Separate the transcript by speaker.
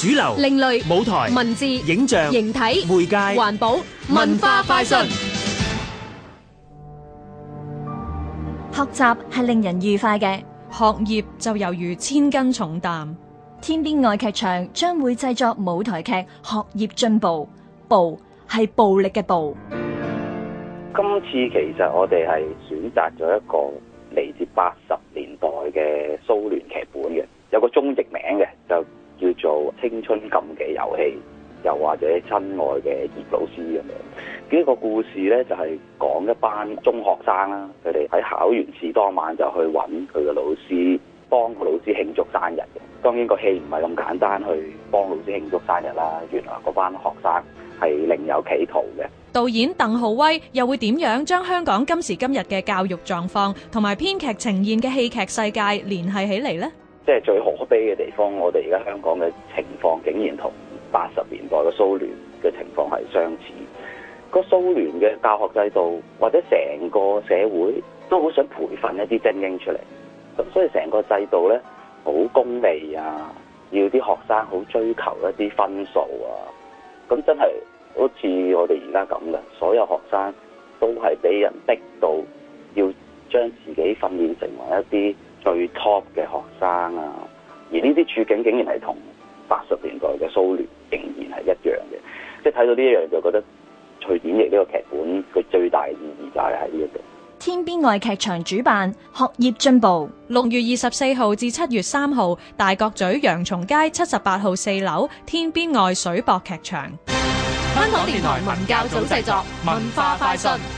Speaker 1: 主流、另類舞台、文字、影像、形體、媒介、環保、文化快訊。學習係令人愉快嘅，學業就猶如千斤重擔。天邊外劇場將會製作舞台劇，學業進步，暴係暴，暴力嘅暴。
Speaker 2: 今次其實我哋係選擇咗一個。春禁忌遊戲，又或者親愛嘅葉老師咁樣，幾個故事呢，就係、是、講一班中學生啦，佢哋喺考完試當晚就去揾佢嘅老師，幫老師慶祝生日嘅。當然那個戲唔係咁簡單去幫老師慶祝生日啦，原來嗰班學生係另有企圖嘅。
Speaker 3: 導演鄧浩威又會點樣將香港今時今日嘅教育狀況同埋編劇呈現嘅戲劇世界聯繫起嚟呢？
Speaker 2: 即係最可悲嘅地方，我哋而家香港嘅情。係相似。個蘇聯嘅教學制度或者成個社會都好想培訓一啲精英出嚟，所以成個制度咧好功利啊，要啲學生好追求一啲分數啊，咁真係好似我哋而家咁嘅，所有學生都係俾人逼到要將自己訓練成為一啲最 top 嘅學生啊，而呢啲處境竟然係同八十年代嘅蘇聯仍然係一。睇到呢一樣就覺得《隨典翼》呢個劇本佢最大嘅意義就係喺呢一度。
Speaker 1: 天邊外劇場主辦，學
Speaker 3: 業進步，六月二十四號至七月三號，大角咀洋松街七十八號四樓，天邊外水博劇場。香港電台文教組製作，文化快訊。